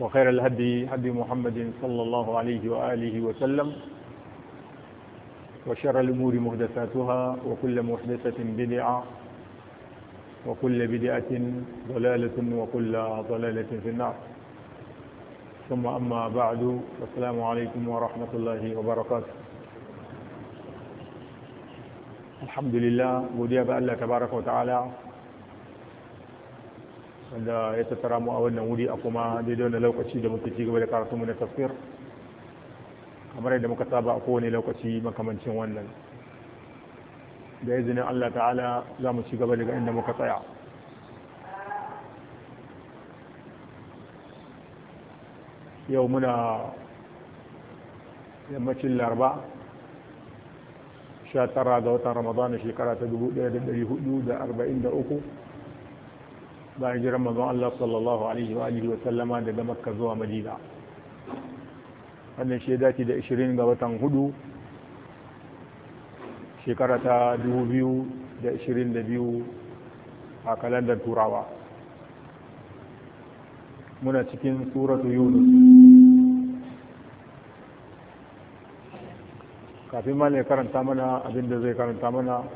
وخير الهدي هدي محمد صلى الله عليه وآله وسلم وشر الأمور مهدثاتها وكل محدثة بدعة وكل بدعة ضلالة وكل ضلالة في النار ثم أما بعد السلام عليكم ورحمة الله وبركاته الحمد لله وديا ga تبارك وتعالى wanda ya tattara mu a wannan wuri a kuma daidai wani lokaci da muke ci gaba da mu na tafsir kamar yadda muka saba a kowane lokaci makamancin wannan da izinin Allah ta'ala za mu ci gaba daga inda muka tsaya yau muna yammacin larba 19 ga watan ramadana shekara ta 1443 ba jiran mazan Allah sallallahu alaihi wa alihi wa sallama daga makka zuwa madina wannan shaida ce da 20 ga watan hudu shekara ta 2022 a kalandar turawa muna cikin suratu yunus kafin ma ne karanta mana abinda zai karanta mana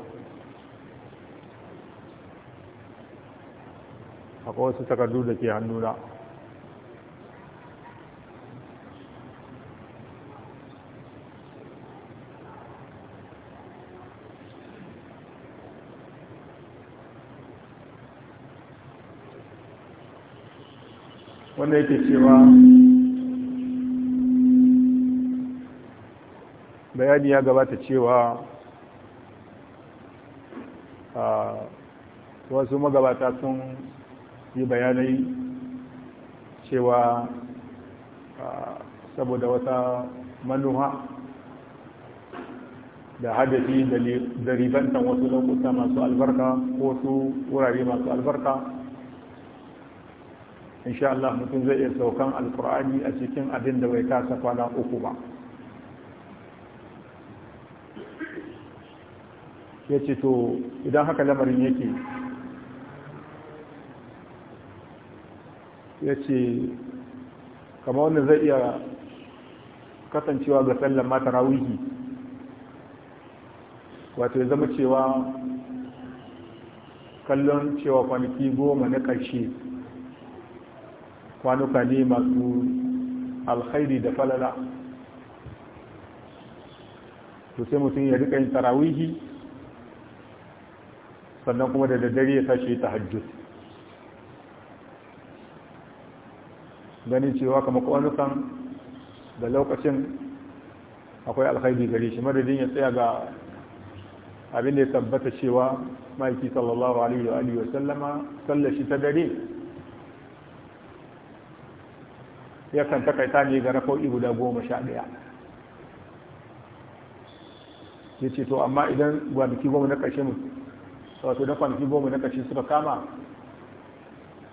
akwai wasu takardu da ke hannuna wanda yake cewa bayani ya gabata cewa ah, wasu magabata sun yi bayanai cewa saboda wata manuha da hadafi da ribantan wasu lokuta masu albarka ko su wurare masu albarka insha Allah mutum zai iya saukan alkur'ani a cikin abin da bai kasa kwana uku ba ya ce to idan haka lamarin yake ya ce kama wanda zai iya kasancewa ga sallan mata rawihi wato ya zama cewa kallon cewa kwanaki goma na ƙarshe kwanuka ne masu alkhairi da falala to sai mutum ya rika yin tarawihi sannan kuma da daddare ya tashi ta hajjus ganin cewa kama kwanukan da lokacin akwai alkhairi gari shi madadin ya tsaya ga abin da ya tabbata cewa maiki sallallahu alaihi wa alihi wa sallama sallashi ta dare Ya yakan takaita ne ga rako'i guda goma sha ɗaya ya ce to amma idan kwanaki goma na wato na kwanaki goma na ƙarshe suka kama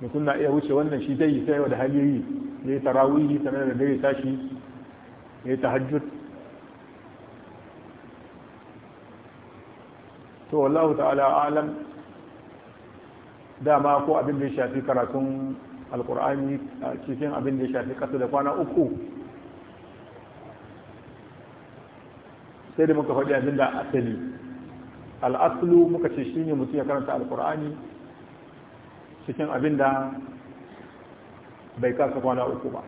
mutum na iya wuce wannan shi zai yi sai da hanyoyi ya yi tarawihi sannan da dare tashi ya yi tahajjud to wallahu ta'ala alam dama ko abin da ya shafi karatun alkur'ani a cikin abin da ya shafi kasa da kwana uku sai da muka faɗi abin da asali al'aslu muka ce shi ne mutum ya karanta alkur'ani cikin abin da bai kasa kwana uku ba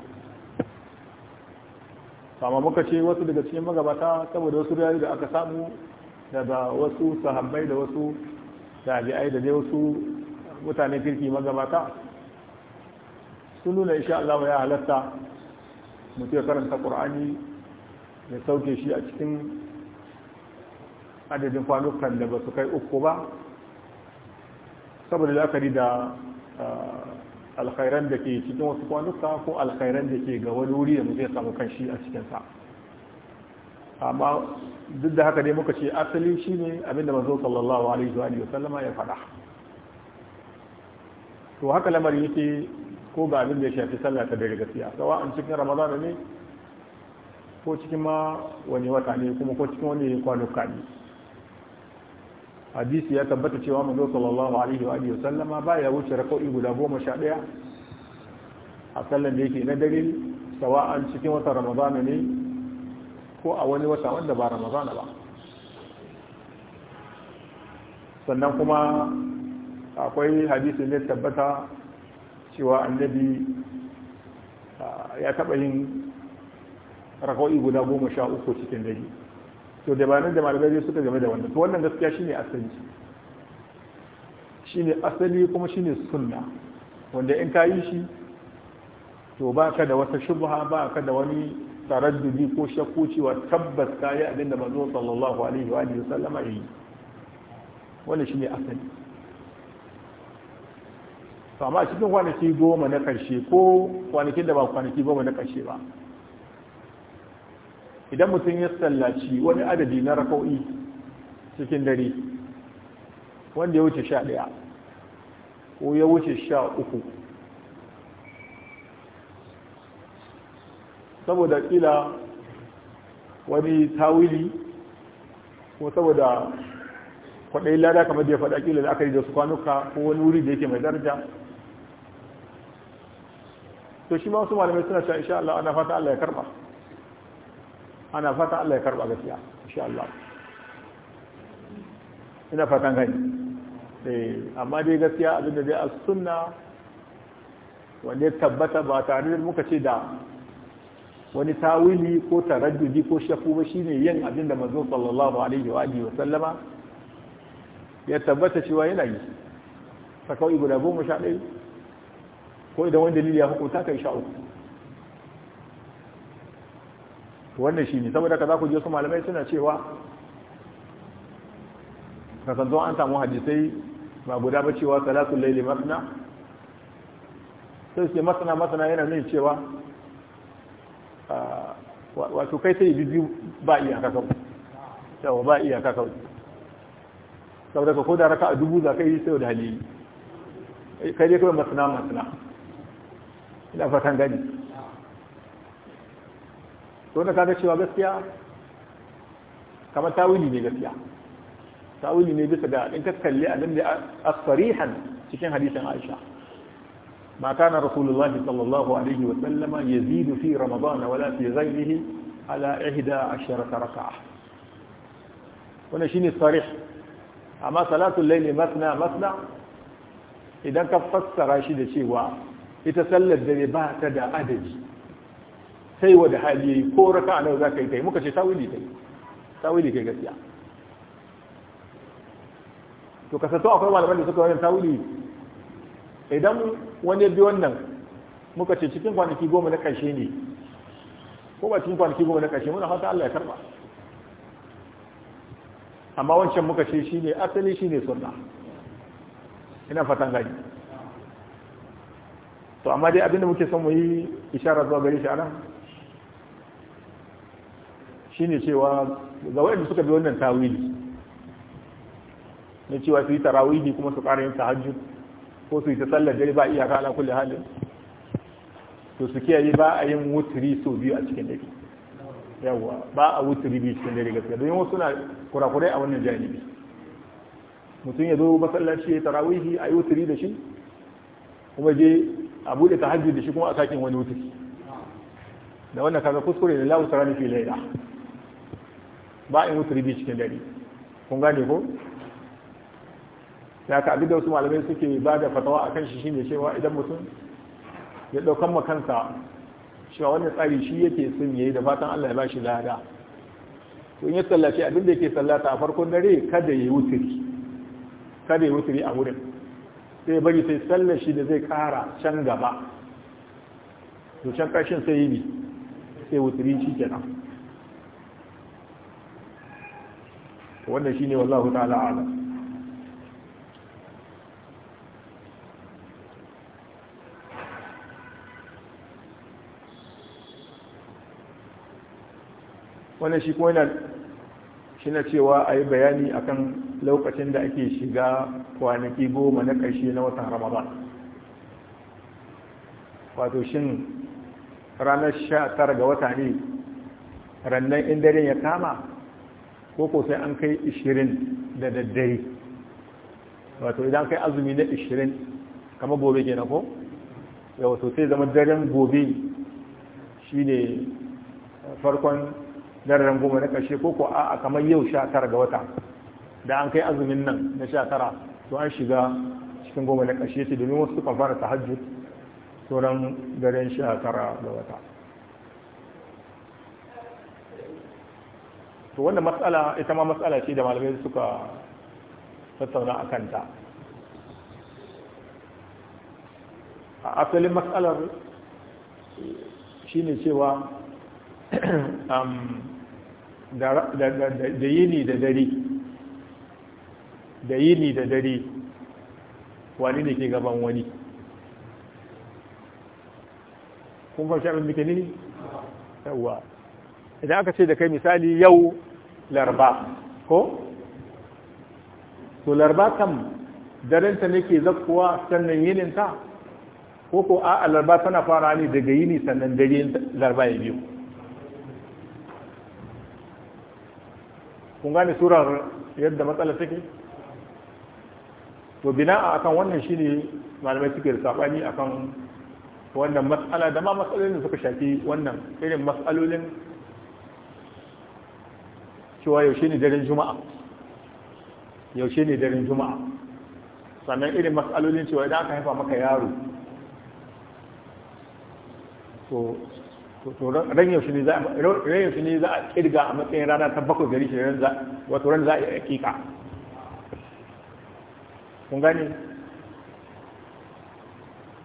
amma muka ce wasu daga cikin magabata saboda wasu rayu da aka samu daga wasu sahabbai da wasu dabi'ai da dai wasu mutane kirki magabata sun nuna isha Allah ya halatta mutu ya karanta ƙur'ani, ya sauke shi a cikin adadin kwanukan da ba su kai uku ba saboda la'akari da ah, alkhairan da ke cikin wasu kwanuka ko alkhairan da ke ga wani wuri da zai samu kanshi a cikinsa amma duk da haka dai muka ce asali shine abinda manzo sallallahu alaihi wa sallama ya faɗa to haka lamari yake ko ga abinda ya shafi sallah ta daga gaskiya sawa an cikin ramadana ne ko cikin ma wani wata ne kuma ko cikin wani kwanuka ne hadisi ya tabbata cewa manzo sallallahu alaihi wa alihi sallama baya wuce rak'o'i guda 11 a sallan da yake na dare sawa'an cikin watan ramadana ne ko a wani wata wanda ba ramadana ba sannan kuma akwai hadisi ne tabbata cewa annabi ah, ya taba yin rak'o'i guda 13 cikin dare to dabaran da malamai suka game da wannan to wannan gaskiya shine asali shine asali kuma shine sunna wanda in ka yi shi to ba ka da wata shubha ba ka da wani taraddudi ko shakku cewa tabbas ka yi abin da manzo sallallahu alaihi wa alihi sallama yi wannan shine asali to amma cikin kwanaki goma na karshe ko kwanakin da ba kwanaki goma na karshe ba idan mutum ya sallaci wani adadi na raka'o'i cikin dare wanda ya wuce sha ɗaya ko ya wuce sha uku saboda ƙila wani tawili ko saboda kwaɗayi lada kamar da ya faɗa ƙila da aka yi da su kwanuka ko wani wuri da yake mai daraja to shi ma wasu malamai suna sha insha Allah ana fata Allah ya karɓa ana fata Allah ya karba gaskiya insha Allah ina fatan gani eh amma dai gaskiya abinda dai as-sunna wanda tabbata ba tare da muka ce da wani tawili ko taraddudi ko shafu ba shine yin abinda manzo sallallahu alaihi wa alihi wa sallama ya tabbata cewa yana yi sakawai guda goma sha ko idan wani dalili ya hukunta kai sha uku wannan shi ne saboda ka za ku je su malamai suna cewa kasanzu an samu hadisai ba guda ba cewa salatun laili masana sai su ce masana masana yana nuna cewa wato kai sai biyu ba iyaka kawo cewa ba iyaka kawo saboda ka kodara ka a dubu za ka yi sai da halili kai dai kawai masana masana ina fatan gani to da kaga cewa gaskiya kamar tawili ne gaskiya tawili ne bisa ga in ka kalli abin da asfarihan cikin hadisin Aisha ma kana rasulullahi sallallahu alaihi wa sallama yazidu fi ramadan wala fi ghayrihi ala 11 rak'ah wannan shine sarih amma salatul layli masna masna idan ka fassara shi da cewa ita sallar dare ba ta da adadi sai wa da hali yayi ko raka'a nawa zaka yi kai muka ce tawili kai tawili kai gaskiya to kasato akwai malaman da suka wannan tawili idan wani bi wannan muka ce cikin kwanaki goma na ƙarshe ne ko ba cikin kwanaki goma na ƙarshe muna fata Allah ya karba amma wancan muka ce shi ne asali shi ne sunna ina fatan gani to amma dai abinda muke son mu yi isharar zuwa gare shi anan shine cewa ga wayanda suka bi wannan tawili ne cewa su yi tarawili kuma su ƙara yin tahajjud ko su yi ta sallar dare ba iyaka kala kulli halin to su kiyaye ba a yin wuturi sau biyu a cikin dare yawa ba a wuturi biyu cikin dare gaskiya don wasu na kurakurai a wannan janibi mutum ya zo masallaci ya tarawili a yi wuturi da shi kuma je a buɗe tahajjud da shi kuma a sakin wani wuturi da wannan kaga kuskure da lahu sarani fi laila ba a yi ribi cikin dare kun gane ko ya ka abin da wasu malamai suke ba da fatawa a kan shi ne cewa idan mutum ya ɗaukan makansa cewa wannan tsari shi yake sun yi da fatan Allah ya bashi lada to in ya sallaci abin da yake tsallata a farkon dare kada ya wuturi kada ya wuturi a wurin sai bari sai sallar shi da zai kara can gaba to can kashin sai yi sai wuturi shi kenan wannan shine wallahu ta'ala a'lam wannan shi kuma yana shi na cewa a yi bayani akan lokacin da ake shiga kwanaki goma na ƙarshe na watan ramadan wato shin ranar sha ga wata ne rannan in ya kama ko ko sai an kai 20 da daddare wato idan kai azumi na 20 kama gobe ke na ko ya wato sai zama daren gobe shi ne farkon daren goma na ƙarshe ko ko a kamar yau 19 ga wata da an kai azumin nan na 19 to an shiga cikin goma na ƙarshe ce domin wasu kan fara hajji sauran daren 19 ga wata to wannan matsala ita ma matsala ce da malamai suka tattauna a kanta a asalin matsalar shi ne cewa um, da yini da dare da yini da dare wani ne ke gaban wani kun fashe abin yawwa idan aka ce da kai misali yau larba ko to larba kam darenta ne ke zakkuwa sannan yininta ko ko a larba tana fara ne daga yini sannan dare larba ya biyu kun gane surar yadda matsala take to bina a kan wannan shine malamai suke sabani akan wannan matsala da ma matsalolin da suka shafi wannan irin matsalolin cewa yaushe ne daren juma'a yaushe ne daren juma'a sannan irin matsalolin cewa idan aka haifa maka yaro to ran yaushe ne za a kirga a matsayin rana ta bakwai gari shi wato ran za a yi hakika kun gani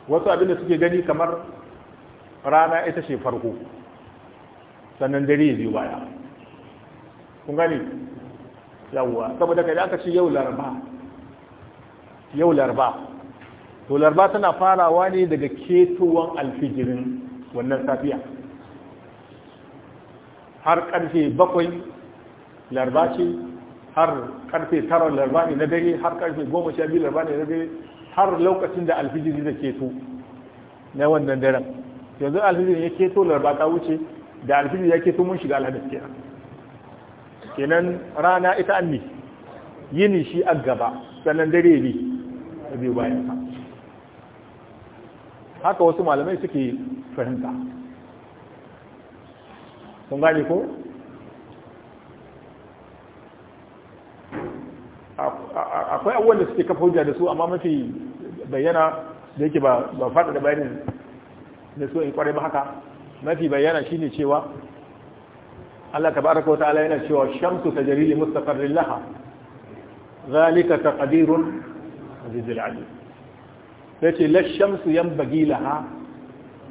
wasu abinda suke gani kamar rana ita ce farko sannan dare ya biyu baya kun gane yawwa saboda kai aka ce yau larba yau larba to larba tana farawa ne daga ketowan alfijirin wannan safiya har karfe bakwai larba ce har karfe tara larba ne na dare har karfe goma sha biyu larba ne na dare har lokacin da alfijiri da keto na wannan daren yanzu alfijiri ya keto larba ta wuce da alfijiri ya keto mun shiga alhamis kenan kenan rana ita anni yini shi a gaba sannan dare ne biyu bayan haka wasu malamai suke fahimta sun gane ko akwai abubuwan da suke kafa hujja da su amma mafi bayyana da yake ba faɗa da bayanin da su in kware ba haka mafi bayyana shine cewa Allah tabaraka wa ta'ala yana cewa shamsu tajri li mustaqarrin laha zalika taqdirun azizul alim yace la shamsu yanbaghi laha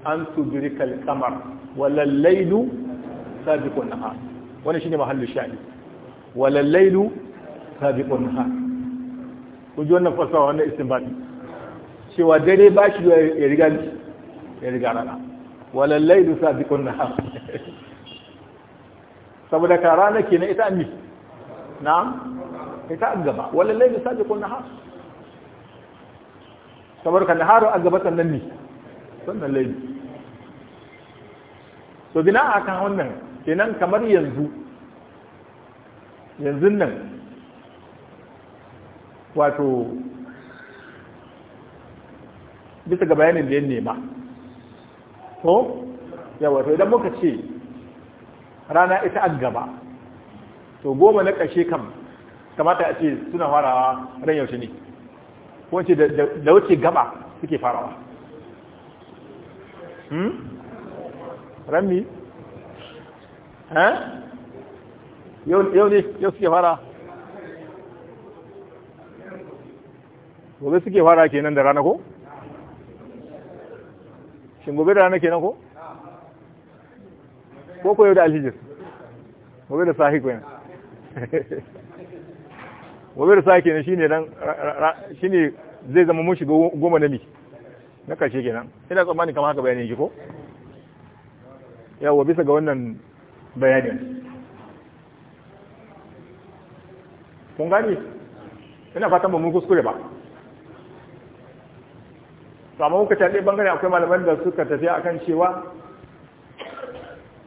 an tudrika al-qamar wala al-laylu sabiqu an-nahar wannan shine mahallu sha'ani wala al-laylu sabiqu an-nahar kuji wannan fasaha wannan istinbati cewa dare ba shi ya riga ya riga rana wala al-laylu sabiqu an-nahar saboda ka rana ke na ita an mi na ita an gaba wallon laifin sabi ko na haru saboda ka na haru an gaba sannan ni sannan laifin So bina a kan wannan kenan kamar yanzu yanzu nan wato bisa ga bayanin da ya nema to yawon to idan muka ce rana ita an gaba to goma na ƙarshe kam kamata a ce suna farawa ran yaushe ne ko ce da wuce gaba suke farawa hmm rami ha eh? yau ne yau suke fara gobe suke fara kenan da rana ko shin gobe da rana kenan ko ko yau da alhijir gobe da sahi kenan gobe da sahi kenan shine dan shine zai zama mun shiga goma na mi na karshe kenan ina tsammani kamar haka bayanin yake ko yawa bisa ga wannan bayanin kun gani ina fatan ba mun kuskure ba samun hukacin ɗaya bangare akwai malaman da suka tafiya akan cewa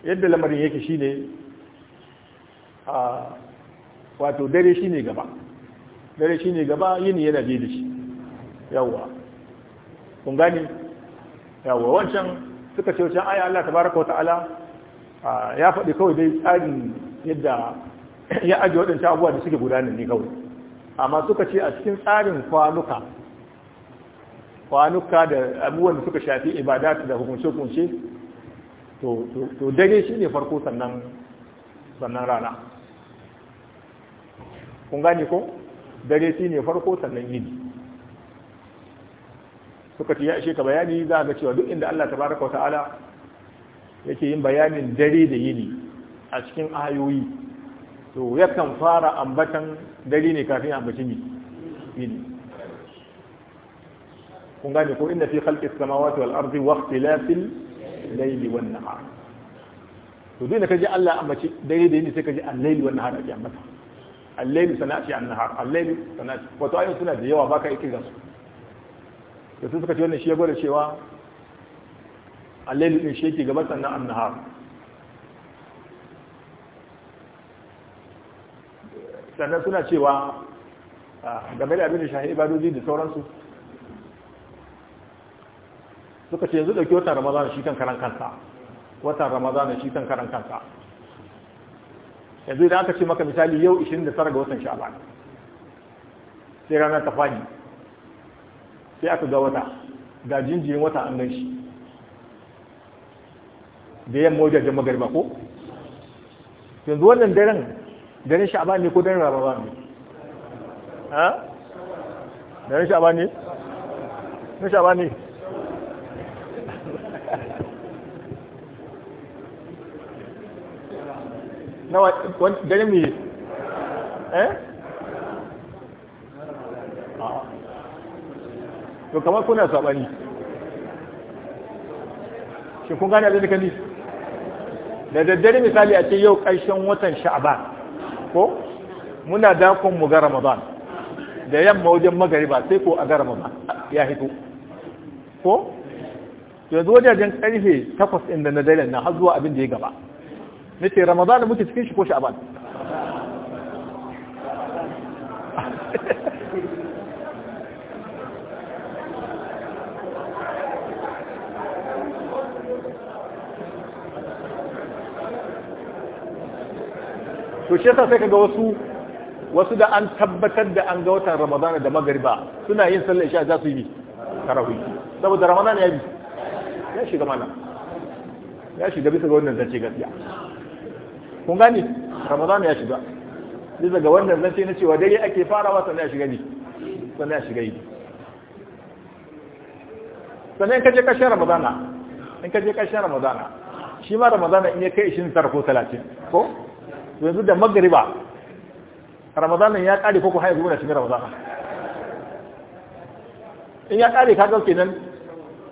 yadda lamarin yake ne a wato dare shi ne gaba dare shi ne gaba yini yana biye da shi Yawwa. kun gani Yawwa wancan suka ce wancan aya Allah tabaraka ta'ala ya faɗi kawai dai tsarin yadda ya ajiye waɗancan abuwa da suke gudanar ne kawai amma suka ce a cikin tsarin kwanuka kwanuka da abubuwan da suka shafi ibada da hukunce-hukunce to dare shi ne farko sannan rana kun gane ko dare shi ne farko sannan yini suka ce ya ishe ka bayani za ga cewa duk inda Allah tabaraka wa ta'ala yake yin bayanin dare da yini a cikin ayoyi to yakan fara ambatan dare ne kafin ambacin yini kun gane ko inda fi khalqis samawati wal ardi wa ikhtilafil laili wan nahar to dole kaji Allah ambaci dare da ne sai kaji al-laili wan nahar ake ambata al-laili sanati an-nahar al-laili sanati wato ayoyin suna da yawa baka yake gasu to sai suka ce wannan shi ya gwada cewa al-laili din shi yake gaba sannan an-nahar sannan suna cewa ah, game da abin da shahi ibadoji da sauransu suka ce yanzu dauki watan ramazan shi kan karan kansa watan ramazan shi kan karan kansa yanzu idan aka ce maka misali yau 29 ga watan sha'ban sai ranar ta fadi sai aka ga wata ga jinjirin wata an gan shi da yamma wajen wajajen garba ko yanzu wannan daren daren sha'ban ne ko daren ramazan ne ha daren sha'ban ne na sha'ban ne na dare me eh to kamar kuna sabani shi kun gane abin da kani da daddare misali a ce yau ƙarshen watan sha'ban ko muna dakon mu ga ramadan da yamma wajen magariba sai ko a ga ramadan ya hito ko yanzu wajajen ƙarfe takwas ɗin da na dare na har zuwa abin da ya gaba nace ramadan muke cikin shi ko sha'ban to shi yasa sai kaga wasu wasu da an tabbatar da an ga watan Ramadan da magariba suna yin sallar isha za su yi tarawih saboda Ramadan ya bi ya shiga mana ya shiga bisa ga wannan zance gaskiya kun gani ramadan ya shiga bisa ga wannan zance na cewa dare ake farawa sannan ya shiga ne sannan ya shiga yi sannan in kaje kashin ramadana in kaje kashin ramadana shi ma ramadana in ya kai ishirin tara ko talatin ko yanzu da magariba ramadanan ya kare ko ku haihu na shiga ramadana in ya kare ka ga kenan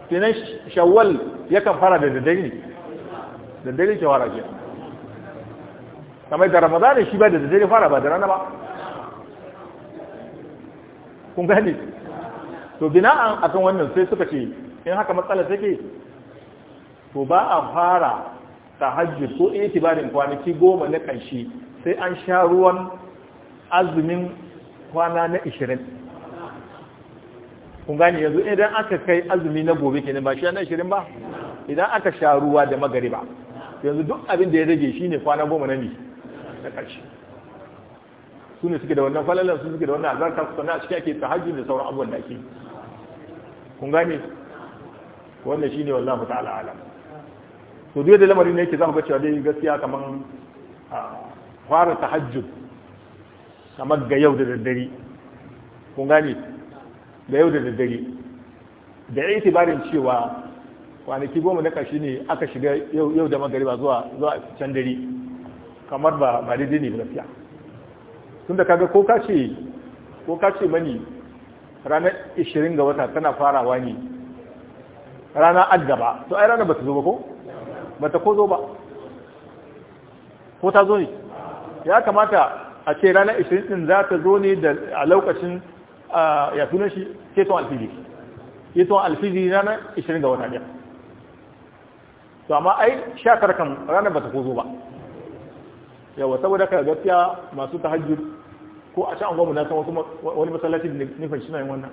kenan shawwal ya kan fara da daddare ne daddare wara kenan kamar da ramadana shi ba da zai fara ba da rana ba kun gane to an akan wannan sai suka ce in haka matsala take to ba a fara tahajjud ko itibarin kwanaki goma na ƙarshe sai an sha ruwan azumin kwana na 20 kun gane yanzu idan aka kai azumi na gobe kenan ba shi na ishirin ba idan aka sha ruwa da ba yanzu duk abin da ya rage shi ne kwana goma na ne na ƙarshe su ne suke da wannan falalar su suke da wannan albarka su sana a cikin ake tahajji da sauran abubuwan da ake kun gane wannan shine wallahu ta'ala alam to duk da lamarin ne yake za mu ga cewa dai gaskiya kamar fara tahajjud kamar ga yau da daddare kun gane ga yau da daddare da ya itibarin cewa kwanaki goma na ƙarshe ne aka shiga yau da magariba zuwa zuwa can dare kamar ba ba daidai ne gaskiya tunda kaga ko ka ce ko ka ce mani ranar 20 ga wata tana farawa ne rana addaba to ai rana bata zo ba ko bata ko zo ba ko ta zo ne ya kamata a ce ranar 20 din za ta zo ne da a lokacin ya sunan shi keton alfijir keton alfiji ranar 20 ga wata ne to amma ai shakar kan ranar bata ko zo ba yawa saboda ka gaskiya masu tahajjud ko a can gwamna san wasu wani masallaci nufin shi na yin wannan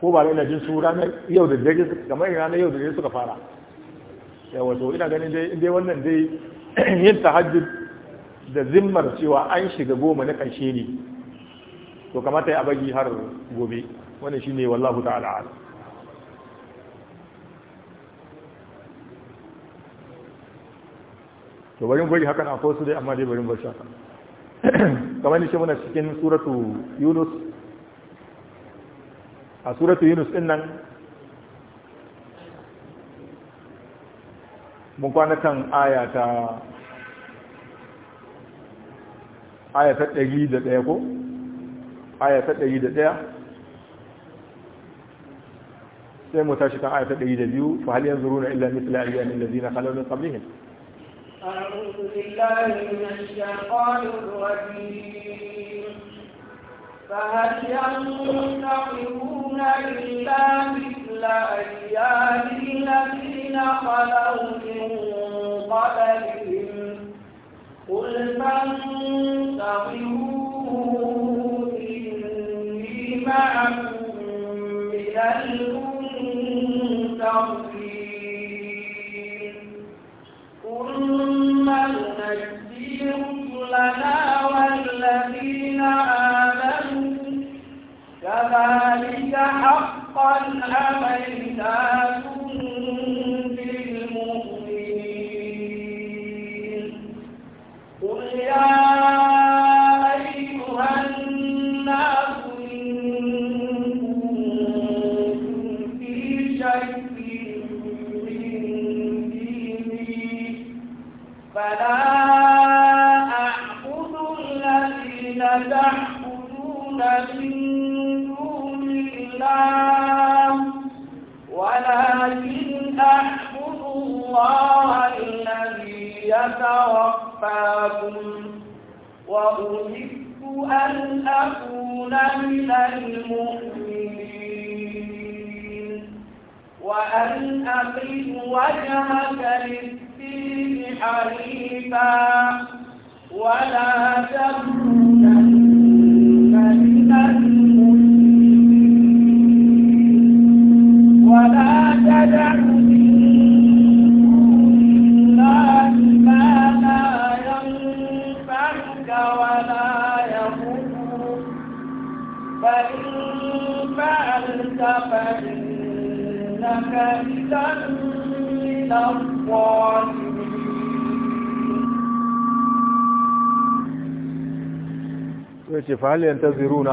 ko ba ina jin su ranar yau da dare kamar ranar yau da dare suka fara yawa to ina ganin dai dai wannan dai yin tahajjud da zimmar cewa an shiga goma na ƙarshe ne to kamata ya bagi har gobe wannan shine wallahu ta'ala to bari bari hakan a su dai amma dai bari bari haka kamar ni ce muna cikin suratu yunus a suratu yunus din nan mun kwana kan aya ta aya ta 101 ko aya ta 101 sai mu tashi kan da 102 fa hal yanzuruna illa mithla ayyamin allazina khalu min qablihim أعوذ بالله من الشيطان الرجيم فهل ينتقمون إلا مثل أيام الذين خلوا من قبلهم قل فانتقموا إني معكم من المنتقمين ربنا والذين آمنوا كذلك حقا علينا يتوفاكم وأمرت أن أكون من المؤمنين وأن أقم وجهك للدين حريفا ولا تكونن من المشركين ولا تدع إذا من الظالمين فهل ينتظرون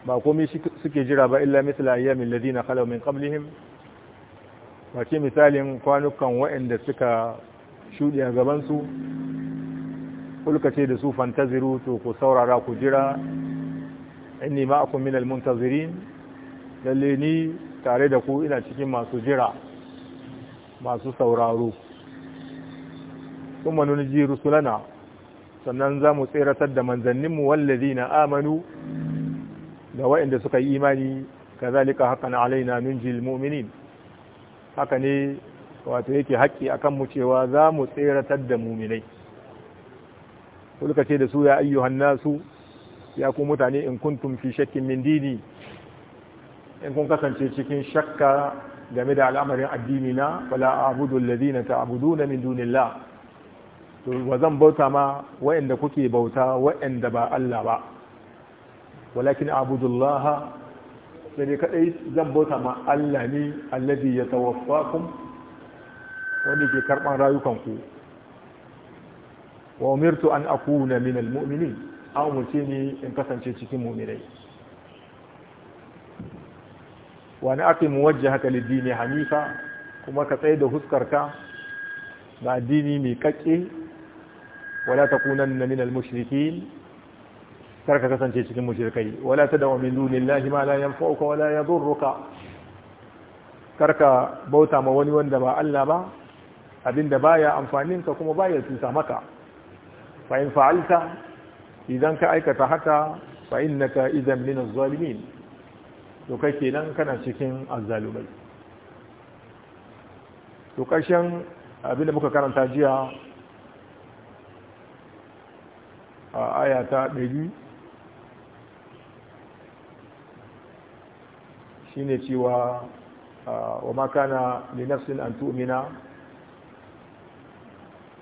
ba komai suke jira ba illa misla ayyamin ladina khalaw min kamlihim ba ce misalin kwanukan waɗanda suka shuɗi a gabansu kulkace da su fantaziru to ku saurara ku jira inni ma'akum minal muntazirin lalle ni tare da ku ina cikin masu jira masu sauraro kuma nuna ji rusulana sannan za mu tseratar da manzanninmu wallazi na amanu da wa'inda suka yi imani ka zalika haka na alaina nunjil mu'minin haka ne wato yake haƙƙi akan mu cewa za mu tseratar da muminai kulka ce da su ya ayyuhan nasu ya ku mutane in kuntum fi shakkin mindini. in kun kasance cikin shakka game da al'amarin addini na wala abudu alladhina ta'buduna min dunillah to wa zan bauta ma wa'anda kuke bauta wa'anda ba Allah ba walakin abudullah sai dai kaɗai zan bauta ma Allah ne alladhi yatawaffakum Wani ke karban rayukanku wa umirtu an akuna min almu'minin an umurce ni in kasance cikin mu'minai wani aka yi muwajjahaka dini hanifa kuma ka tsaye da huskarka ga addini mai kakke wala takunanna minal mushrikin karka kasance cikin mushrikai wala tad'u min dunillahi ma la yanfa'uka wala yadurruka karka bauta ma wani wanda ba Allah ba abinda baya amfaninka kuma baya tusa maka fa in fa'alta idan ka aikata haka fa innaka idan min az-zalimin to kai kenan kana cikin azzalumai to abin da muka karanta jiya a aya ta ɗari shi ne cewa wa na linafsin an tu'mina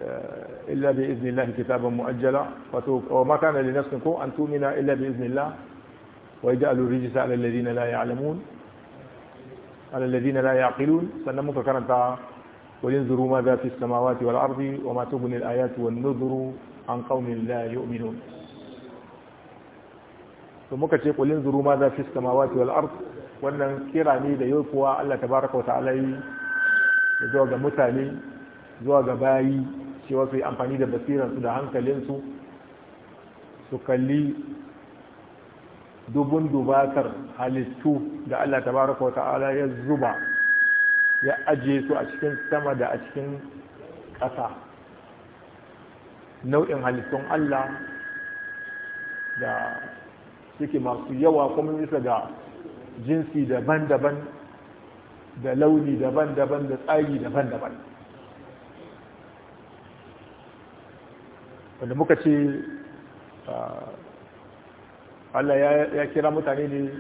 eh, illa bi iznillahi kitaban mu'ajjala wato wa na linafsin ko an tu'mina illa bi iznillah ويجعل الرجس على الذين لا يعلمون على الذين لا يعقلون سنمك كرنتا ولينظروا ماذا في السماوات والأرض وما تغني الآيات والنذر عن قوم لا يؤمنون ثم كتير ولينظروا ماذا في السماوات والأرض wannan kira ne da yau kuwa Allah tabaraka wa ta'ala yi zuwa ga mutane zuwa ga bayi cewa su yi amfani da basiransu da hankalinsu su kalli dubun dubatar halittu da Allah Ta tabaraka wa ta'ala ya zuba ya ajiye su a cikin sama da a cikin ƙasa nau'in halittun Allah da suke masu yawa kuma bisa ga jinsi daban-daban da launi daban-daban da tsari daban-daban wanda muka ce ah, Allah ya kira mutane ne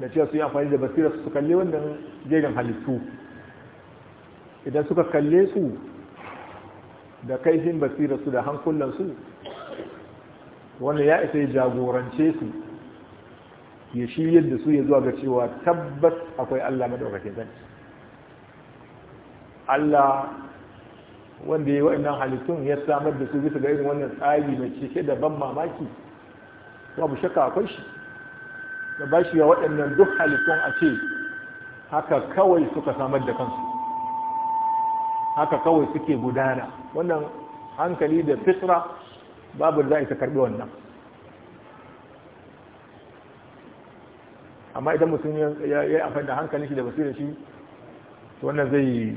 da cewa su yi amfani da basirar su kalli wannan jerin halittu idan suka kalle su da kaifin basirar su da hankulansu wannan ya isa ya jagorance su ya shiryar da su ya zuwa ga cewa tabbas akwai Allah madaukakin sarki Allah wanda ya yi wa'annan halittun ya samar da su bisa ga irin wannan tsari mai cike da ban mamaki babu shaka akwai shi da ba shi ya waɗannan duk halittun a ce haka kawai suka samar da kansu haka kawai suke gudana wannan hankali da fitra babu za a isa karɓi wannan amma idan mutum ya yi amfani da hankali shi da da shi wannan zai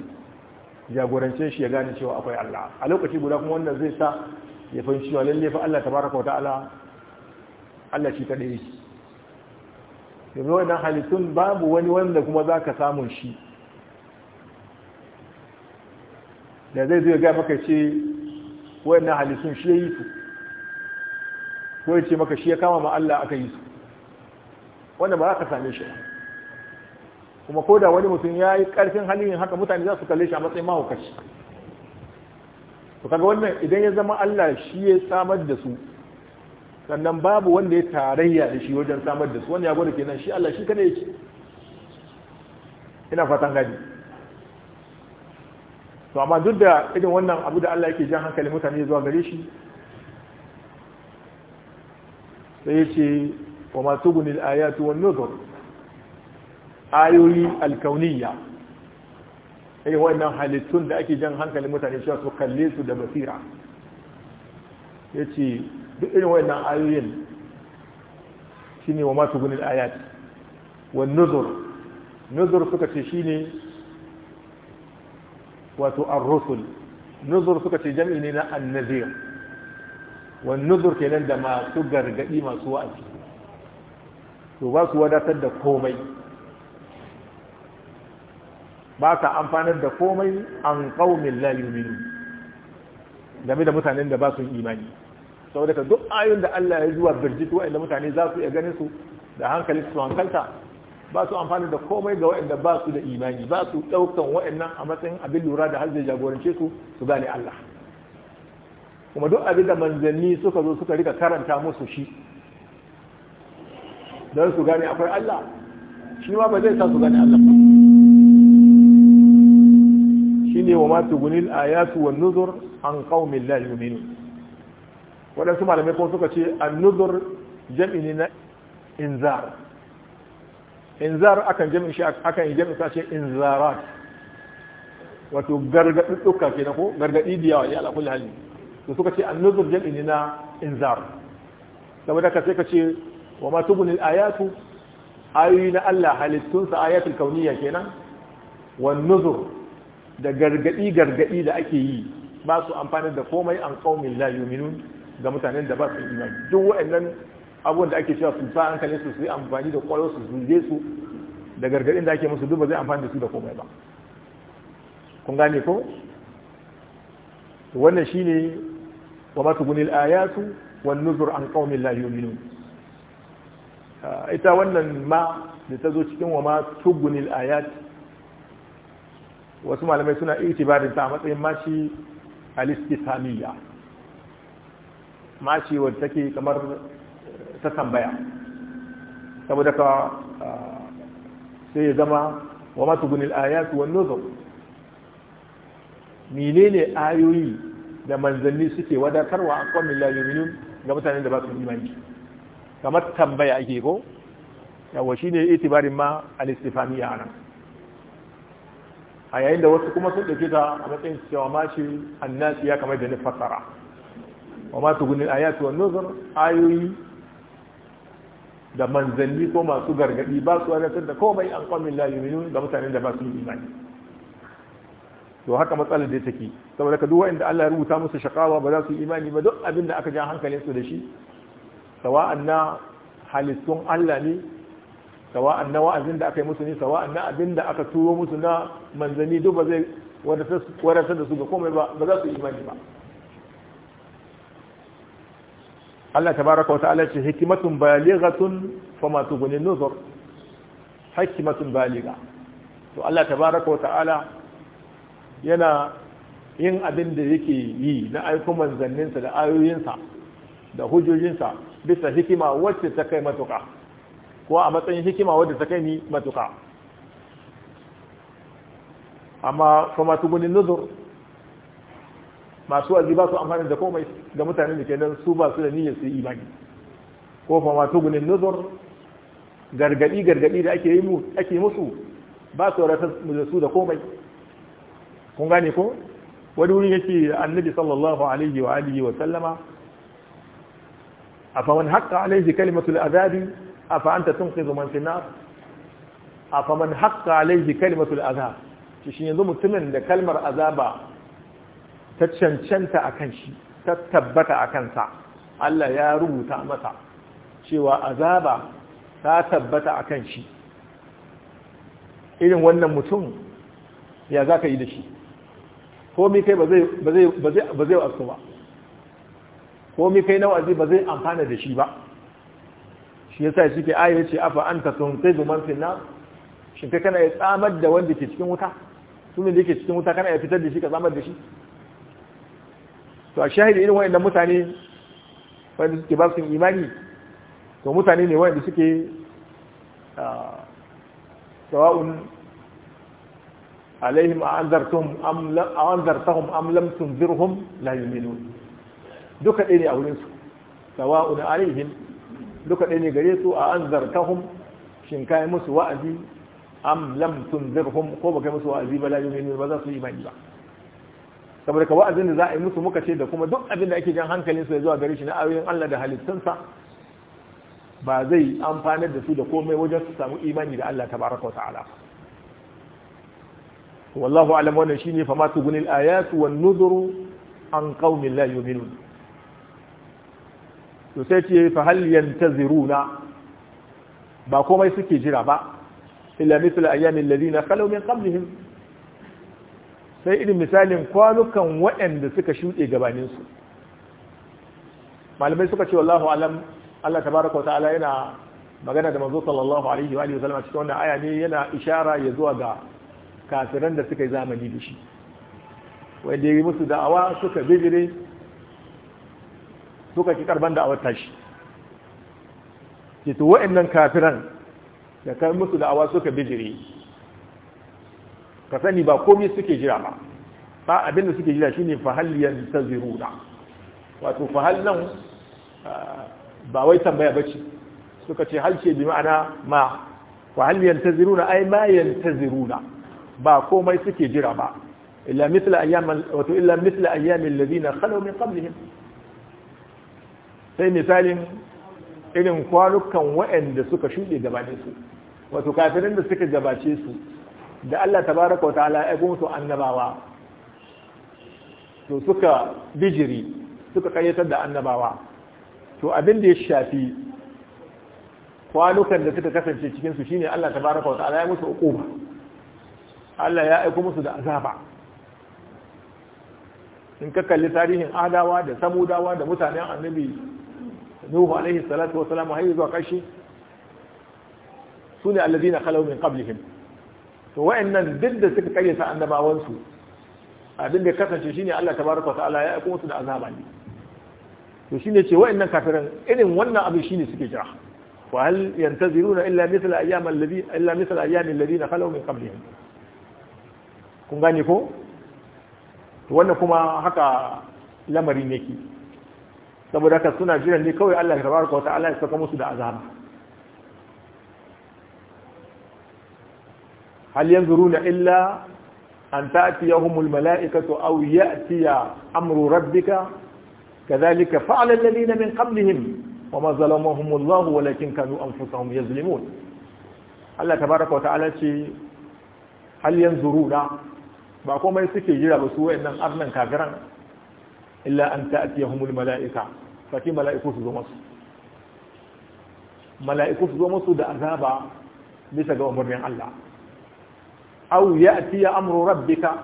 jagorance shi ya gane cewa akwai Allah a lokaci guda kuma wannan zai sa ya fahimci cewa lallai fa Allah tabaraka wa ta'ala Allah shi kaɗe yake yanzu wannan halittun babu wani wanda kuma za ka samun shi da zai zai gaya maka ce wannan halittun shi ya yi su ko ya ce maka shi ya kama ma Allah aka yi su wanda ba za ka same shi kuma ko da wani mutum ya yi ƙarfin halin haka mutane za su kalle shi a matsayin mahaukaci to kaga wannan idan ya zama Allah shi ya samar da su sannan babu wanda ya tarayya da shi wajen samar da su Wani ya gwada kenan shi Allah shi kada yake ina fatan gani to amma duk da irin wannan abu da Allah yake jan hankali mutane zuwa gare shi sai ya ce wa ma guni al'ayatu wani nuzur ayoyi al irin wannan halittun da ake jan hankali mutane shi su kalle su da basira ya ce. duk irin wayannan ayoyin shine wa masu gunin ayat wa nuzur nuzur suka ce shine wato ar-rusul nuzur suka ce jami'i ne na annazir wa nuzur kenan da masu gargadi masu wa'azi to ba su wadatar da komai ba ta amfanar da komai an qaumin la yu'minu game da mutanen da ba su imani saboda duk ayoyin da Allah ya zuwa birjit wa'anda mutane za su iya ganin su da hankali su hankalta ba su amfani da komai ga wa'anda ba su da imani ba su daukan wa'annan a matsayin abin lura da har jagorance su su gane Allah kuma duk abin da manzanni suka zo suka rika karanta musu shi don su gane akwai Allah shi ma ba zai sa su gane Allah shine wa ma ayatu wa nuzur an qaumin la yu'minun waɗansu malamai kuma suka ce annuzur jam'i ne na inzar inzar akan jam'i shi akan yi jam'i sace inzarat wato ɗuka ke na ko gargaɗi da yawa ya ala kulli hali to suka ce annuzur jam'i ne na inzar saboda ka sai ka ce wa ma tubunil ayatu ayoyi na Allah halittun sa ayatul kauniya kenan wan nuzur da gargadi gargadi da ake yi ba su amfani da komai an qaumin la yu'minun ga mutanen da ba su imani duk waɗannan abubuwan da ake cewa su sa hankalin su su yi amfani da kwallo su zuje su da gargadin da ake musu duk ba zai amfani da su da komai ba kun gane ko wannan shine wa ma gunil ayatu wan nuzur an qaumin la yu'minun ita wannan ma da ta zo cikin wa ma gunil ayat wasu malamai suna itibarin ta a matsayin mashi al-istifhamiyya mashi wadda take kamar ta tambaya saboda ka sai ya zama wa masu gunil ayatu wa nuzur menene ayoyi da manzanni suke wadatarwa a kwamin laluminin ga mutane da ba su imani kamar tambaya ake ko yawa shi ne itibarin ma alistifamiya a nan a yayin da wasu kuma sun ɗauke ta a matsayin cewa mashi annasi ya kamar da ni fassara wa ma tugunin ayatu wan nuzur ayoyi da manzanni ko masu gargadi ba su wadatar da komai an kwamin la yu'minun da mutanen da ba su yi imani to haka matsalar da ya take saboda ka duwa inda Allah ya rubuta musu shakawa ba za su yi imani ba duk abin da aka ja hankalin su da shi sawa'an na halittun Allah ne sawa'an na wa'azin da aka yi musu ne sawa'an na abin da aka turo musu na manzanni duk ba zai wadatar da su ga komai ba ba za su yi imani ba Allah tabaraka wa ta'ala ce hikmatun balighatun fama tughni nuzur hikimatun baliga to Allah tabaraka wa ta'ala yana yin abin da yake yi na aiko manzanninsa da ayoyinsa da hujjojinsa bisa hikima wacce ta kai matuka ko a matsayin hikima wadda ta kai ni matuka amma fama tughni nuzur masu wazi ba su amfani da komai ga mutane da ke nan su ba su da niyyar su imani ko fa ma tugunin nazar gargadi gargadi da ake yi mu ake musu ba su rasa da su da komai kun gane ko wani wuri yake annabi sallallahu alaihi wa alihi wa sallama afa man haqqa alaihi kalimatul azabi afa anta tunqidhu man fi afa man haqqa alaihi kalimatul azab shi yanzu mutumin da kalmar azaba ta cancanta a kan shi ta tabbata a kansa Allah ya rubuta mata cewa azaba ta tabbata a kan shi irin wannan mutum ya za ka yi da shi komi kai ba zai wasu ba komi kai na wa'azi ba zai amfana da shi ba shi ya sa shi ke aya ce afa an ta sun sai zuman finna shi kai kana ya tsamar da wanda ke cikin wuta tun da ke cikin wuta kana ya fitar da shi ka tsamar da shi to a shahidi irin wa'annan mutane wanda suke ba su imani to mutane ne wa'anda suke sawa'un alaihim a anzartahum am lam tunzirhum la yu'minun duka ɗaya ne a wurin su sawa'un alaihim duka ɗaya ne gare su a an shin kai musu wa'azi am lam tunzirhum ko kai musu wa'azi ba la yu'minun ba za su imani ba saboda ka wa'azin da za a yi musu muka ce da kuma duk abin da ake jan hankalin su ya zuwa gare shi na ayoyin Allah da halittunsa ba zai amfanar da su da komai wajen su samu imani da Allah tabaraka wa ta'ala wallahu alam wannan shine fa ma tugunil ayatu wan nuzuru an qaumin la yu'minun to sai ce fa hal yantaziruna ba komai suke jira ba illa mithla ayyamin ladina khalu min qablihim sai irin misalin kwanukan waɗanda suka shuɗe gabaninsu malamai suka ce wallahu alam Allah tabaraka wa ta'ala yana magana da manzo sallallahu alaihi wa sallam cikin wannan aya ne yana ishara ya zuwa ga kafiran da suka yi zamani da shi wanda yi musu da'awa suka bijire suka ki karban da'awar tashi ke to waɗannan kafiran da kai musu da'awa suka bijire ka sani ba komai suke jira ba ba abin da suke jira ne fa ta ziruna wato fa ah, ba wai tambaya ba ce, suka ce hal bi ma'ana ma ta hal yantaziruna ai ta ziruna ba komai suke jira ba illa misla ayyam wato illa mithla sai misalin irin kwanukan waɗanda suka shuɗe gabanin su wato kafirin da suka gabace su da Allah tabaraka wa ta'ala ya gunsu annabawa to suka bijiri suka kayyatar da annabawa to abin da ya shafi kwanukan da suka kasance cikin su shine Allah tabaraka wa ta'ala ya musu uquba Allah ya aiko musu da azaba in ka kalli tarihin adawa da samudawa da mutanen annabi nuhu alaihi salatu wa salam har zuwa kashi sune allazina khalu min qablihim to wa'annan duk da suka karyata annabawansu abin da kasance shine Allah tabaraka ta'ala ya aika musu da azaba ne to shine ce wa'annan kafiran irin wannan abin shine suke jira wa hal yantaziruna illa mithla ayyam alladhi illa mithla ayyam alladhi khalu min qablihim kun gane ko to wannan kuma haka lamarin yake saboda haka suna jiran ne kawai Allah tabaraka ta'ala ya saka musu da azaba hal yanzuruna illa an ta'tiyahumul mala'ikatu aw ya'tiya amru rabbika kadhalika fa'ala alladhina min qablihim wama zalamahumullahu walakin kanu anfusahum yazlimun Allah tabaraka wata'ala ce hal yanzuruna ba komai suke jira ba su wayannan arnan kafiran illa an ta'tiyahumul mala'ika fati mala'iku su zo su da azaba bisa ga umarnin Allah aw ya'ti amru rabbika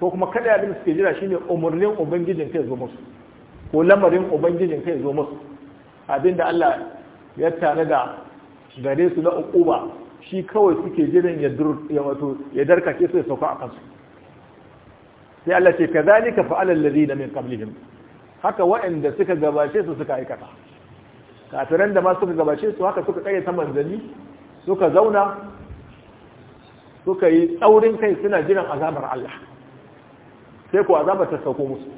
ko kuma kada abin suke jira shine umurnin ubangijin kai zo musu ko lamarin ubangijin kai zo musu abinda Allah ya tare da gare su na uquba shi kawai suke jiran ya ya wato ya darka su ya sauka a kansu sai Allah ce kazalika alal ladina min qablihim haka waɗanda suka gabace su suka aikata kafiran da ma suka gabace su haka suka kare ta manzali suka zauna suka yi tsaurin kai suna jiran azabar Allah sai ku azabar ta sauko musu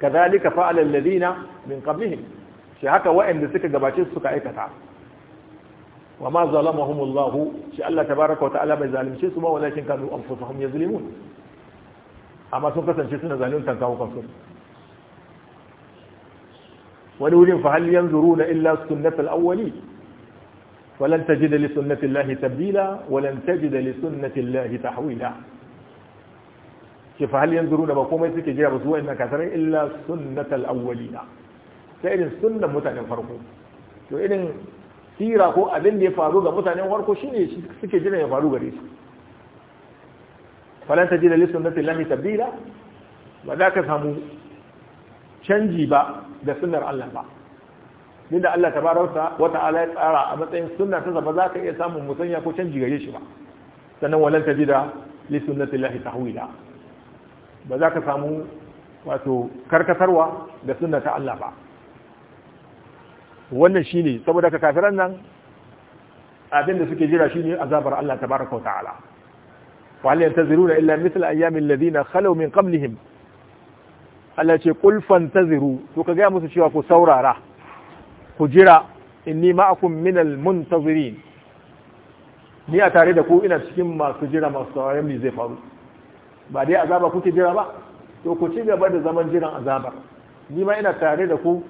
kadhalika fa'ala alladhina min qablihim shi haka wa'anda suka gabace su suka aikata wa ma zalamahumullahu shi Allah tabaaraka wa ta'ala bai zalunce su ba walakin kanu anfusuhum yazlimun amma sun kasance suna zaluntan kawo kansu wani wurin fa hal yanzuruna illa sunnatul awwalin ولن تجد لسنة الله تبديلا ولن تجد لسنة الله تحويلا فهل ينظرون بقوم يسكي جاب سوء إن كثر إلا سنة الأولين سائر سنة متعنى فرقو to irin sira ko abin da ya faru ga mutanen warko shine suke jiran ya faru gare su falan ta lissun nasi lahi Tabbila ba za ka samu canji ba da sunnar Allah ba duk da Allah tabaraka wata ala ya tsara a matsayin sunna ta ba za ka iya samun musanya ko canji gare shi ba sannan walan tajida li sunnati llahi tahwila ba za ka samu wato karkatarwa da suna ta Allah ba wannan shine saboda ka kafiran nan abin da suke jira ne azabar Allah tabaraka wa ta'ala wa hal yantaziruna illa mithl ayyamin alladhina khalu min qablihim Allah ce kul fantaziru to ka gaya musu cewa ko saurara ku jira inni ma'akum minal muntazirin ni a tare da ku ina cikin masu jira masu sauraron me zai faru ba dai azaba kuke jira ba to ku ci gaba da zaman jiran azabar ni ma ina tare da ku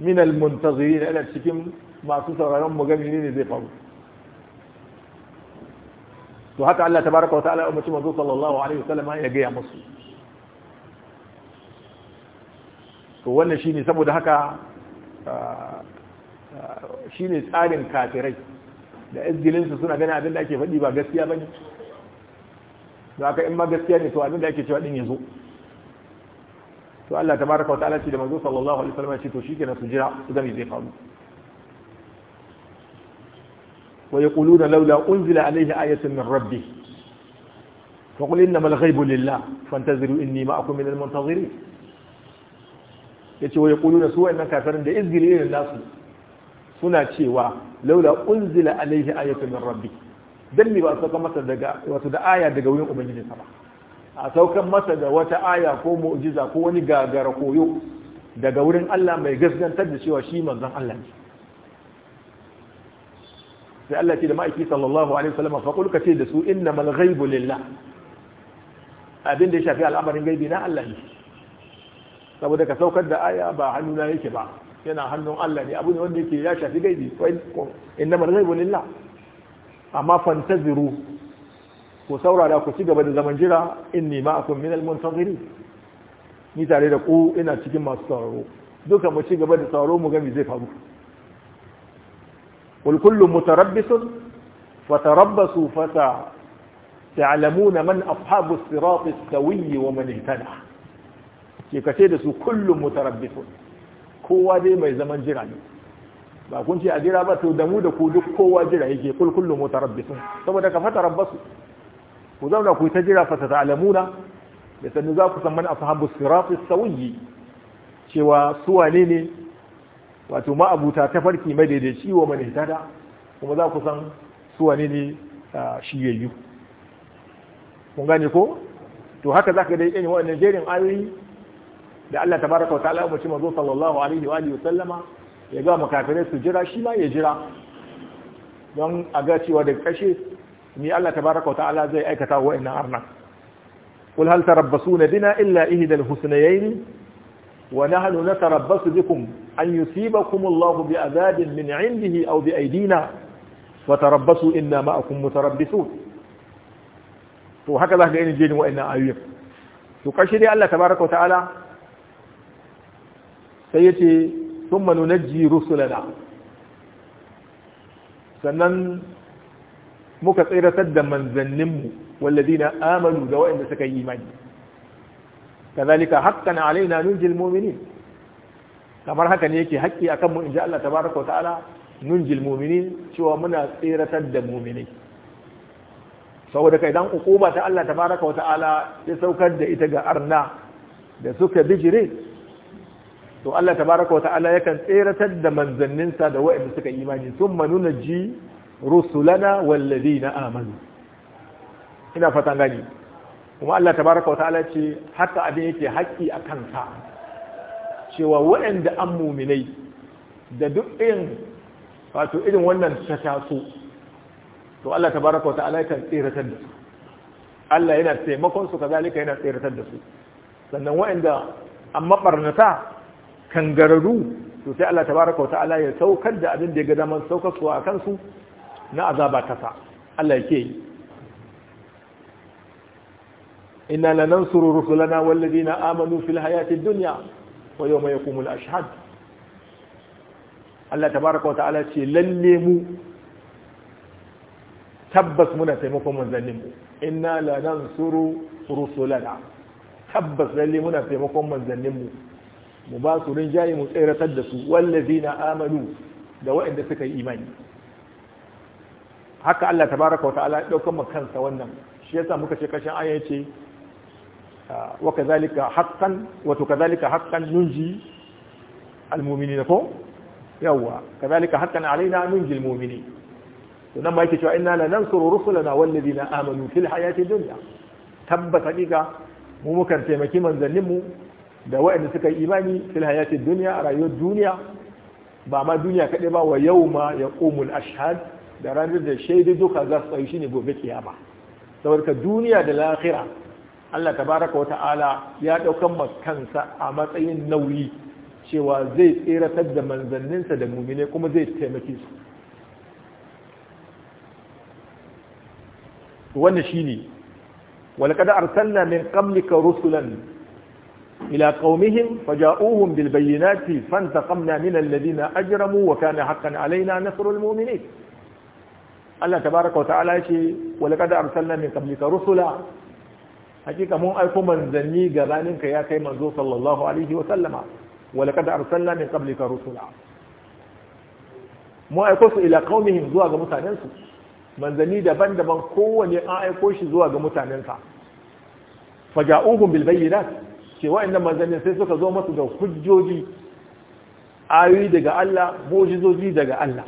minal muntazirin ina cikin masu sauraron mu gani ne zai faru to haka Allah tabaraka wa ta'ala ya umarci manzo sallallahu alaihi wasallam ya ga ya musu to wannan shine saboda haka shi ne tsarin kafirai da izgilinsu suna gani abin da ake faɗi ba gaskiya ba ne za ka in ma gaskiya ne to abin da ake cewa ɗin ya zo to Allah tabaraka wa ta'ala ce da manzo sallallahu alaihi wasallam ce to shi shikenan su jira su gani zai faru wa yaquluna laula unzila alaihi ayatun min rabbih فقل إنما الغيب لله فانتظروا إني معكم من المنتظرين ya ce wa ya da su wa'annan kafirin da izgiri irin nasu suna cewa laula unzila alaihi ayatun min rabbi dan ba a saukan masa daga wato da aya daga wurin ubangiji sama a saukan masa da wata aya ko mu'jiza ko wani gagara koyo daga wurin Allah mai gaskantar da cewa shi manzon Allah ne sai Allah ce da ma'aiki sallallahu alaihi wasallam fa qul ce da su innamal ghaibu lillah abin da ya shafi al'amarin gaibi na Allah ne saboda ka saukar da aya ba hannuna yake ba yana hannun Allah ne abu ne wanda yake ya shafi gaibi inna mar ghaibu lillah amma fantaziru ku saurara ku ci gaba da zaman jira inni ma'akum minal muntazirin ni tare da ku ina cikin masu sauraro duka mu ci gaba da sauraro mu ga me zai faru kul kullu mutarabbisun wa tarabbasu fata ta'lamuna man ashabu as-sirati as-sawi wa man ihtada ke kace da su kullum mutarabbisun kowa dai mai zaman jira ne ba kun ce a jira ba to da mu da ku duk kowa jira yake kul kullum mutarabbisun saboda ka fata rabbasu ku zauna ku ta jira fata ta'lamuna da sannu za ku san man ashabu sirati sawiyyi cewa su wane ne wato ma'abuta ta farki madaidaici wa mai tada, kuma za ku san su wane ne shiyayyu kun gane ko to haka zaka dai irin wannan jerin ayoyi da Allah tabaraka wa ta'ala umarci manzo sallallahu alaihi wa alihi sallama ya ga makafirai su jira shi ma ya jira don a ga cewa da kashe ni Allah tabaraka wa ta'ala zai aikata wa inna arna qul hal tarabbasuna bina illa ihdal husnayayn wa nahnu natarabbasu bikum an yusibakum Allahu bi adabin min 'indihi aw bi aydina wa tarabbasu inna ma'akum mutarabbisun to haka zaka ga yin wa wa'annan ayoyin to kashe dai Allah tabaraka wa ta'ala sai ya ce sun manu na jiru sulana sannan muka tsiratar da manzanninmu na amalu ga waɗanda suka yi imani kazalika haqqan na nunjil mu'minin kamar haka ne yake haƙƙi akan mu inji Allah tabaraka wa ta'ala nunjil mu'minin cewa muna tsiratar da mu'minai saboda kai dan hukuma ta Allah tabaraka wa ta'ala ya saukar da ita ga arna da suka bijire to Allah tabaraka wa ta'ala yakan tseratar da manzanninsa da waɗanda suka imani manuna ji, rusulana na amanu ina fatan gani kuma Allah tabaraka wa ta'ala ce haka abin yake haƙƙi a kansa cewa waɗanda an muminai da duk ɗin wato irin wannan ta taso to Allah tabaraka wa ta'ala yakan tseratar da su Allah yana taimakon su kazalika yana tseratar da su sannan waɗanda an mabarnata kangararru to sai Allah tabaraka wa ta'ala ya saukar da abin da ya ga daman saukarsu a kansu na azaba kasa Allah yake yi inna lanansuru rusulana wallazina amanu fil hayatid dunya wa yawma yaqumul ashhad Allah tabaraka wa ta'ala ce lalle mu tabbas muna taimakon manzannin mu inna lanansuru rusulana tabbas lalle muna taimakon manzannin mu mu ba su rinjaye mu tseratar da su wallazina amanu da waɗanda suka yi imani haka Allah ta baraka tabaraka wata'ala ya mu kansa wannan shi yasa muka ce kashin aya yace ah, wa kadhalika haqqan wa kadhalika haqqan nunji almu'minina ko yawa kadhalika haqqan alaina nunji almu'minin to nan ma yake cewa inna lanansuru rusulana wallazina amanu fil hayati dunya tabbata diga mu mukan taimaki manzanninmu da waɗanda suka yi imani fil hayatid duniya, a rayuwar duniya ba ma duniya kaɗai ba wa yau ma ya ƙomul ashhad da ranar da shaidu duka za su tsayi shine gobe kiyama saboda duniya da lahira Allah tabaraka wata'ala ya ɗaukan makansa a matsayin nauyi cewa zai tseratar da manzanninsa da mumine kuma zai taimake su wannan shine walqad arsalna min qablika rusulan إلى قومهم فجاءوهم بالبينات فانتقمنا من الذين أجرموا وكان حقا علينا نصر المؤمنين الله تبارك وتعالى يشي ولقد أرسلنا من قبلك رسلا حقيقة مو أيكم من ذني قبانك يا كي منزو صلى الله عليه وسلم ولقد أرسلنا من قبلك رسلا مو أيكم إلى قومهم زواج متاننسو من ذني دبان دبان قوة أيكوش زواج متاننسا فجاءوهم بالبينات ce inda manzannin sai suka zo masu da hujjoji ayoyi daga Allah mojizoji daga Allah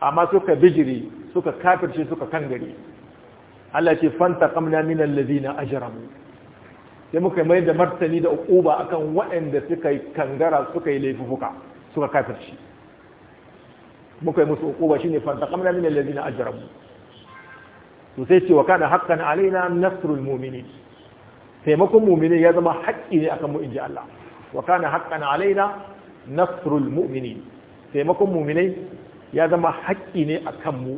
amma suka bijiri suka kafirce suka kangare Allah ce fanta kamna min a mu. sai muka mai da martani da uquba akan waɗanda suka yi kangara suka yi laifuka suka kafirce muka yi musu shi shine fanta kamna min allazina a mu. Sosai ce wa kana hakan alaina nasrul mu'minin taimakon muminai ya zama haƙƙi ne akan mu inji Allah wa kana haqqan alaina nasrul mu'minin taimakon mu'minai ya zama haƙƙi ne akan mu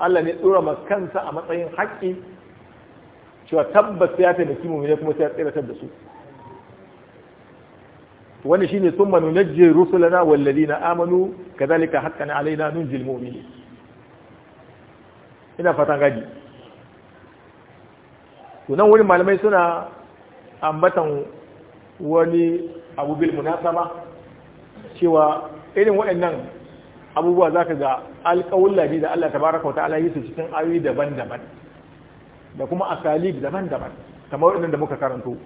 Allah ne dora kansa a matsayin haƙƙi cewa tabbas ya taimaki mu'minai kuma sai ya tsiratar da su wani shine thumma nunajji rusulana wal ladina amanu kadhalika haqqan alaina nunjil mu'minin ina fatan gaji tunan wurin malamai suna ambatan wani abu munasaba cewa irin waɗannan abubuwa za ka ga alƙawulla da Allah tabaraka wa ta'ala yi su cikin ayoyi daban-daban da kuma asalib daban-daban kamar waɗannan da muka karanto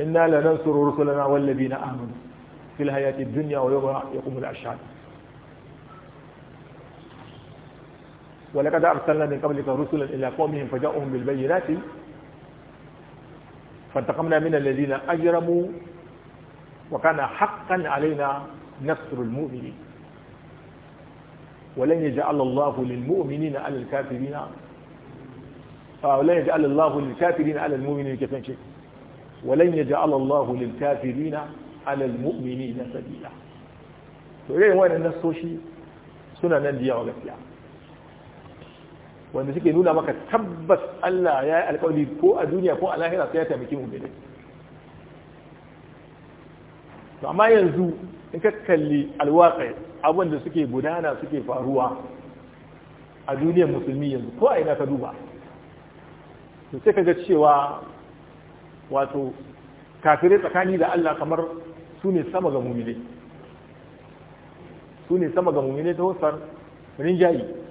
inna lanansuru rusulana na amanu fil hayati duniya wa ya kuma da ashhad ولقد أرسلنا من قبلك رسلا إلى قومهم فجاءهم بالبينات فانتقمنا من الذين أجرموا وكان حقا علينا نصر المؤمنين ولن يجعل الله للمؤمنين على الكافرين ولن يجعل الله للكافرين على المؤمنين كيف شيء ولن يجعل الله للكافرين على المؤمنين سبيلا to irin waɗannan soshi suna nan da wanda suke nuna maka tabbas Allah ya yi alkawari ko a duniya ko a lahira sai ya taimaki mu gare to amma yanzu in ka kalli alwaƙai abin da suke gudana suke faruwa a duniyar musulmi yanzu ko a ina ka duba to sai ka ga cewa wato kafirai tsakani da Allah kamar su ne sama ga mumine su ne sama ga mumine ta hosar rinjayi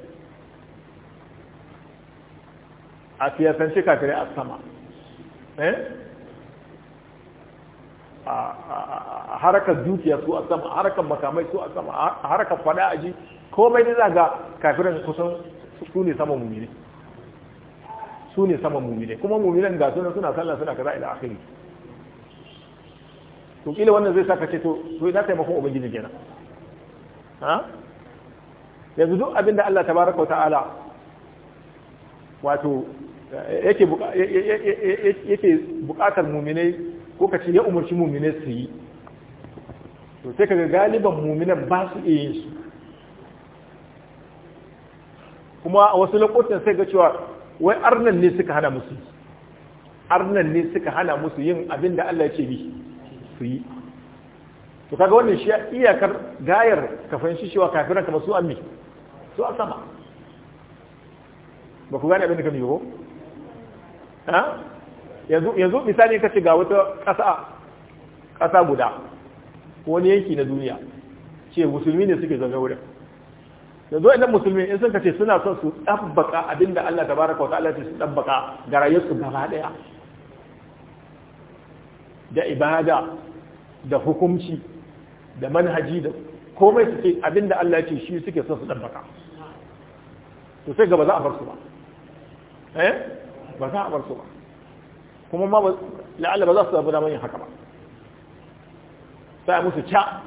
a siyasance kafin a sama eh? a harkar dukiya su a sama a harkar makamai su a sama a harkar fada aji komai ne za ga kafirin kusan su ne sama mummine su ne sama mummine kuma mummine ga suna suna sallah suna kaza ila akhiri to kila wannan zai saka ce to to ina taimakon ubangiji kenan ha yanzu duk abinda Allah tabaraka wa ta'ala wato yake bukatar muminai ko kace ya umarci muminai su yi to sai kaga galiban muminan ba su iya yin su kuma a wasu lokutan sai ga cewa wai arnan ne suka hana musu arnan ne suka hana musu yin abin da Allah ya ce bi su yi to kaga wannan shi iyakar gayar kafin shi shiwa kafiran kamar su ammi su a sama ba ku gane abin da kan yi ko yanzu misali ka ce ga wata ƙasa ƙasa guda wani yanki na duniya ce musulmi ne suke zanga wurin yanzu idan musulmi in sun kace suna son su ɗabbaka abinda Allah tabaraka wa ta'ala ce su ɗabbaka ga rayuwarsu gaba ɗaya da ibada da hukumci da manhaji da komai suke abinda Allah ce shi suke son su ɗabbaka to sai gaba za a bar su ba eh ba za a bar su ba kuma ma la'alla ba za su samu damar yin haka ba sai musu ca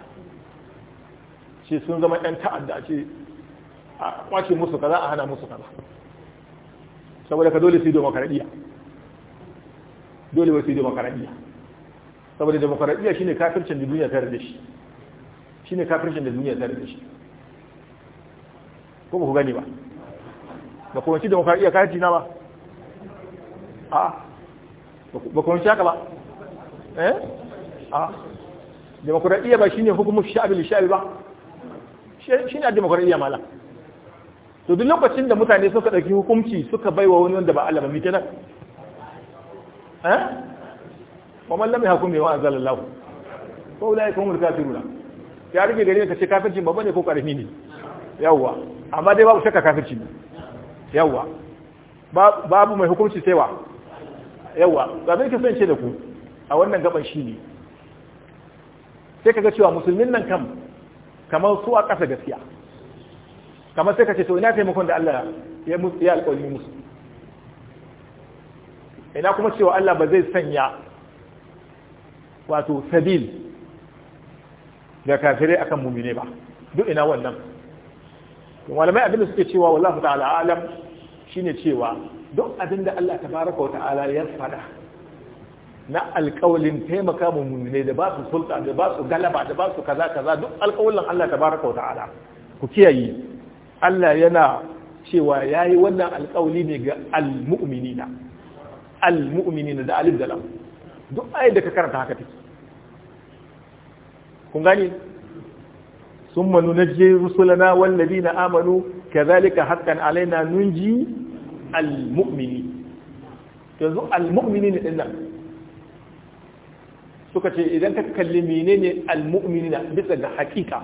ce sun zama ɗan ta'adda a ce a kwace musu kaza a hana musu kaza saboda ka dole su yi demokaradiyya dole su yi demokaradiyya saboda demokaradiyya shine kafircin da duniya tare da shi shine kafircin da duniya tare da shi ko ku gani ba ba ku wanci demokaradiyya kayanci na ba a ba kuma shaka ba eh a demokuraɗiyya ba shine hukumar sha'abi da sha'abi ba shine a demokuraɗiyya mala to duk lokacin da mutane suka ɗauki hukunci suka baiwa wani wanda ba Allah ba mita nan eh wa man lam yahkum bima anzalallahu fa ulai kum al-kafiruna ya rike gare ka ce kafirci babba ne ko karfi ne yawwa amma dai babu shakka kafirci ne yawwa babu mai hukunci sai wa yawa abin da ke ce da ku a wannan gaban shi ne sai kaga cewa musulmin nan kam kamar su a ƙasa gaskiya kamar sai ka ce to ina taimakon da Allah ya ya alƙawari musu ina kuma cewa Allah ba zai sanya wato sabil da kafirai akan mumine ba duk ina wannan malamai abin da suke cewa wallahu ta'ala alam shine cewa duk abin da Allah tabaraka wa ta'ala ya fada na alƙawlin taimaka mu mummune da ba su sulta da ba su galaba da ba su kaza kaza duk alƙawlin Allah tabaraka wa ta'ala ku kiyaye Allah yana cewa yayi wannan alƙawli ne ga almu'minina almu'minina da alif da lam duk ayat da ka karanta haka take kun gani summa nunajji rusulana wal ladina amanu kadhalika haqqan alaina nunji al-mu'mini yanzu al ne dinnan suka ce idan ka kalli menene al-mu'mini na bisa ga hakika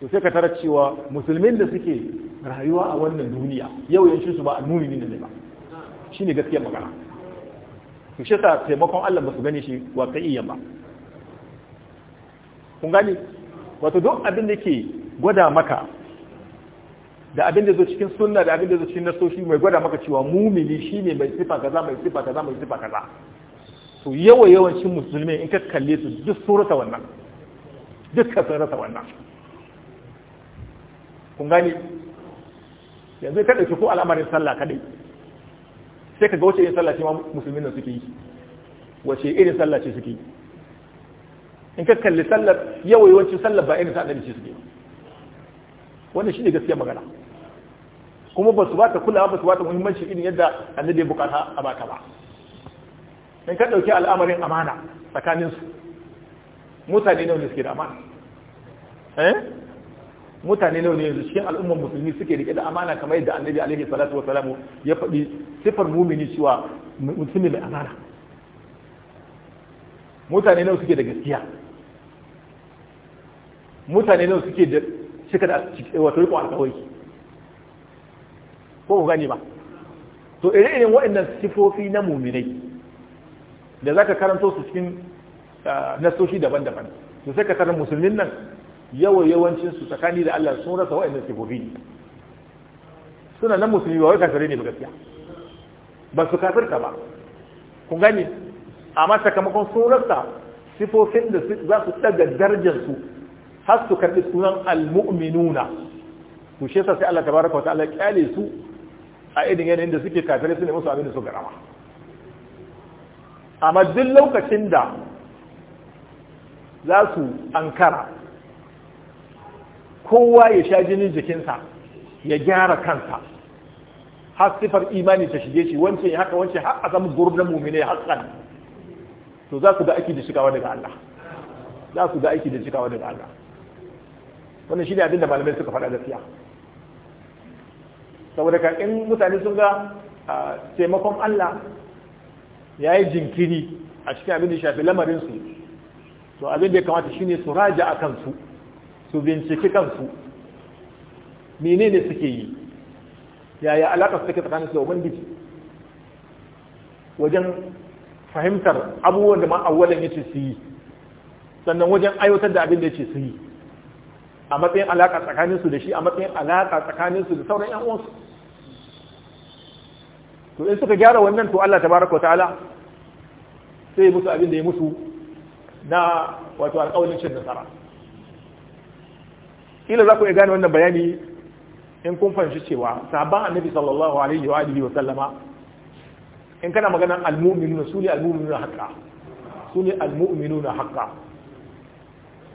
to sai ka tara cewa musulmin da suke rayuwa a wannan duniya yau yanzu su ba al-mu'mini ne ba shine gaskiyar magana to shi sa taimakon Allah ba su gane shi wa waqi'iyyan ba kun gani wato duk abin da ke gwada maka da abin da zo cikin sunna da abin da zo cikin nasoshi mai gwada maka cewa mumini shine mai sifa kaza mai sifa kaza mai sifa kaza to yawa yawancin musulmi in ka kalle su duk surata wannan duk sun rasa wannan kun gani yanzu ka ɗauki ko al'amarin sallah kadai sai ka ga wace irin sallah ce ma musulmi nan suke yi wace irin sallah ce suke yi in ka kalli sallar yawa yawancin sallar ba irin sa ce suke yi wannan shi ne gaskiya magana kuma ba su bata kula ba su bata muhimmanci irin yadda annabi ya bukata a baka ba in ka dauki al'amarin amana tsakanin su mutane nawa ne suke da amana eh mutane nawa ne cikin al'ummar musulmi suke rike da amana kamar yadda annabi alaihi salatu wasalam ya faɗi sifar mumini cewa musulmi mai amana mutane nawa suke da gaskiya mutane nawa suke da suka da wato riƙon alƙawari ko ku gani ba to ire-iren waɗannan sifofi na muminai da za ka karanto su cikin ah, nasoshi daban-daban su sai ka tarar musulmin nan yawa yawancin su tsakani da Allah sun rasa waɗannan sifofi suna nan musulmi ba wai kafirai ne ba gaskiya ba su kafirta ba ku gani amma sakamakon sun rasa sifofin da za su daga darajar su har su karɓi sunan al-mu'minuna to shi yasa sai Allah tabaraka wa ta'ala kyale su a irin yanayin da suke kafirai su ne musu abin da suka rama amma duk lokacin da za su ankara kowa ya sha jinin jikinsa ya gyara kansa har sifar imani ta shige shi wancan ya haka wancan har a samu gurbin mumine ya haskan to za su ga aiki da shigawa daga Allah za su ga aiki da shigawa daga Allah wannan shi ne abin da malamai suka faɗa gaskiya saboda ka in mutane sun ga a taimakon Allah ya yi jinkiri a cikin abin da shafi lamarinsu to abin da ya kamata shi ne su raja a kansu su binciki kansu menene suke yi yaya alaƙa su take tsakanin su da ubangiji wajen fahimtar abubuwan da ma'awalan ya ce su yi sannan wajen aiwatar da abin da ya ce su yi a matsayin alaƙa tsakaninsu da shi a matsayin alaƙa tsakaninsu da sauran 'yan uwansu to in suka gyara wannan to Allah tabaraka ta'ala sai musu abin da ya musu na wato alƙawarin cin nasara ila za ku iya gane wannan bayani in kun fahimci cewa sahabban annabi sallallahu alaihi wa alihi wa sallama in kana maganan almu'minuna su ne almu'minuna haqqa su ne haqqa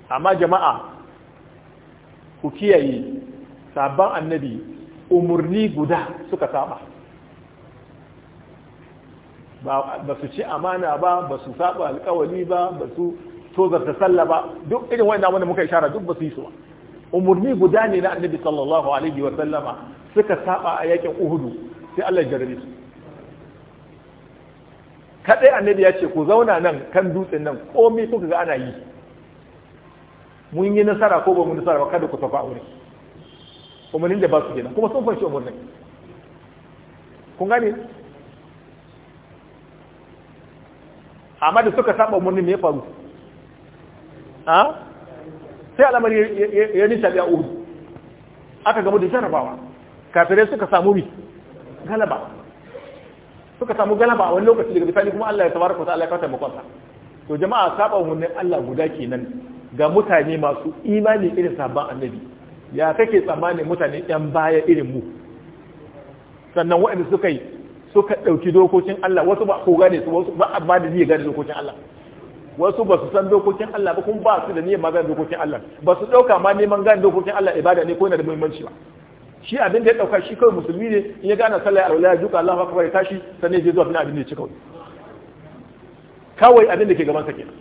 amma jama'a ku kiyaye sahabban annabi umurni guda suka saba ba su ci amana ba ba su saba alkawali ba ba su tozarta sallah ba duk irin wanda wanda muka ishara duk ba su yi su ba umurni guda ne na annabi sallallahu alaihi wa sallama suka saba a yakin uhudu sai Allah ya jarrabe su kadai annabi ya ce ku zauna nan kan dutsen nan komai kuka ga ana yi mun yi nasara ko ba mun nasara ba kada ku tafi aure umarnin da ba su kenan kuma sun fashe umarnin kun gane amma da suka saba murni me ya faru ha sai al'amari ya nisa da uhudu aka gamu da jarabawa kafirai suka samu mi galaba suka samu galaba a wani lokaci daga bisani kuma Allah ya tabaraka Allah ya kawo taimakon to jama'a saba murni Allah guda kenan ga mutane masu imani irin sabon annabi ya kake tsammanin mutane yan baya irin mu sannan waɗanda suka yi suka ɗauki dokokin Allah wasu ba ko gane su wasu ba ba da niyyar gane dokokin Allah wasu ba su san dokokin Allah ba kuma ba su da niyyar magana dokokin Allah ba su ɗauka ma neman gane dokokin Allah ibada ne ko yana da muhimmanci ba shi abin da ya ɗauka shi kawai musulmi ne in ya gane sallah a wulaya duka Allah akbar ya tashi sannan ya zuwa fina abin da ya ci kawai kawai abin da ke gaban sa kenan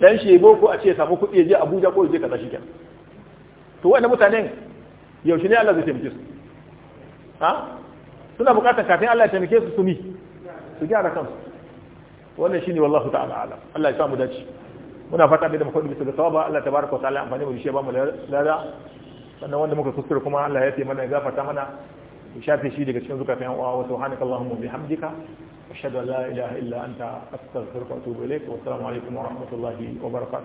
dan shi boko a ce ya samu kuɗi ya je Abuja ko ya je kaza shi kenan to wannan mutanen yaushe ne Allah zai taimake su ha suna bukatar kafin Allah ya taimake su suni su gyara kansu wannan shine wallahu ta'ala alam Allah ya samu dace muna fata bai da mukwadi bisa ga sawaba Allah tabaraka ta'ala amfani mu shi ba mu lada sannan wanda muka kuskure kuma Allah ya taimake mana ya gafarta mana ya shafe shi daga cikin zukatan yan uwa wa subhanakallahumma bihamdika ashhadu an la ilaha illa anta astaghfiruka wa atubu ilaik wa assalamu alaikum wa rahmatullahi wa barakatuh